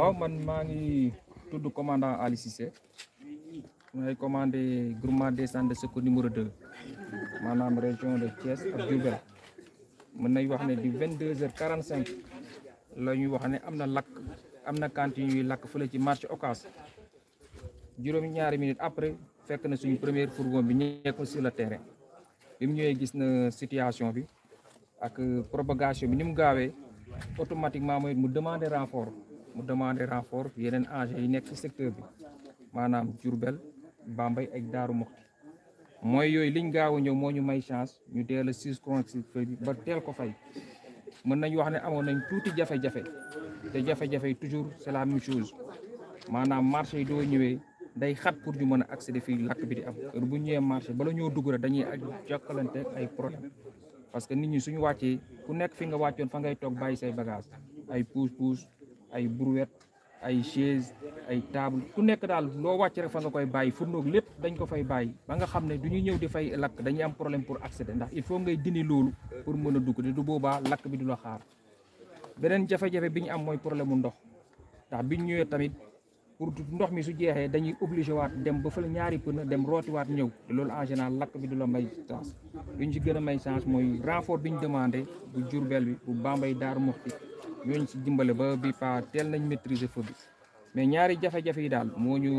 waaw man maa ngi tudd commandant Ali Cissé may commandé groupement des centres de secours numéro 2 maanaam région de Thiès ak Diourbel mën nañ wax ne di 22 heures 45 la ñuy wax ne am na lakk am na cantine ñuy lakk fële ci marché Ocass juróomi ñaari minutes après fekk na suñu première fourgon bi ñeekul si le terrain bi mu ñëwee gis na situation bi ak propagation bi ni mu gaawee automatiquement mooy mu demander renfort mu demandé renfort yeneen AG yi nekk ci secteur bi maanaam Diourbel yi ak Daaru Muxti mooy yooyu liñ gaaw a ñëw moo ñu may chance ñu teel a six bi ba teel ko fay mën nañ wax ne amoon nañ tuuti jafe-jafe te jafe-jafe toujours c'est la même chose maanaam marché yi doo ñëwee day xat pour ñu mën a accéder fii làkk bi di am heure bu ñëwee marché bala ñoo dugg rek dañuy ak jokkalante ay problème parce que nit ñi suñu wàccee ku nekk fi nga wàccoon fa ngay toog bàyyi say bagage ay pousse pousse ay brouette ay chaise ay table ku nekk daal loo wàcc rek fa nga koy bàyyi fourneau lépp dañ ko fay bàyyi ba nga xam ne du ñu ñëw di fay lakk dañuy am problème pour accéder ndax il faut ngay dindi loolu pour mën a dugg te du boobaa lakk bi du la xaar beneen jafe-jafe bi ñu am mooy problème mu ndox ndax bi ñu ñëwee tamit pour ndox mi su jeexee dañuy obligé waat dem ba fële ñaari pëna dem rooti waat ñëw te loolu en général lakk bi du la may chance lu ñu si gën a may mooy renfort bi demandé bu Diourbel bi bu Bambey Daaru Muxti yooñu ci dimbale ba bi pa teel nañ maitriser feu bi mais ñaari jafe-jafe yi daal moo ñu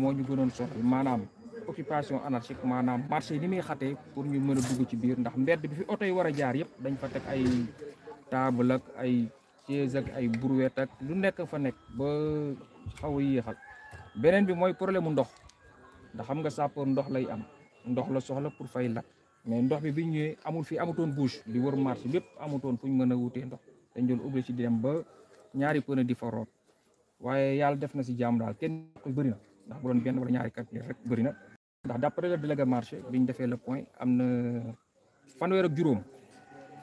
moo ñu gënoon soxal maanaam occupation anarchique maanaam marché yi ni muy xate pour ñu mën a dugg ci biir ndax mbedd bi fi oto yi war a jaar yëpp dañ fa teg ay table ak ay chaise ak ay brouette ak lu nekk fa nekk ba xaw a yéexal beneen bi mooy problème mu ndox ndax xam nga sapeur ndox lay am ndox la soxla pour fay lakk mais ndox bi bi ñëwee amul fi amutoon bouche li wër marché bépp amutoon fu ñu mën a wutee ndox dañ doon obligé di dem ba ñaari pneu di fa root waaye yàlla def na si jàmm daal kenn ko bëri na ndax bu doon benn wala ñaari kat rek bëri na ndax d'après le délégué marché bi ñu defee le point am na fanweer ak juróom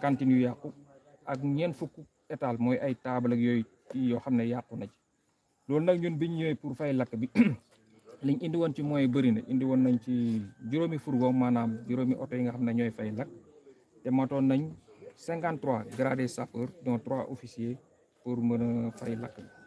cantine yu ak ñeent fukk étal mooy ay table ak yooyu yoo xam ne yàqu na ci loolu nag ñun bi ñu ñëwee pour fay lakk bi liñ indi woon ci mooy bëri na indi nañ ci juróomi fourgon maanaam juróomi oto yi nga xam ne ñooy fay lakk te matoon nañ 53 gradés sapeurs dont trois officiers pour mën a fay lakk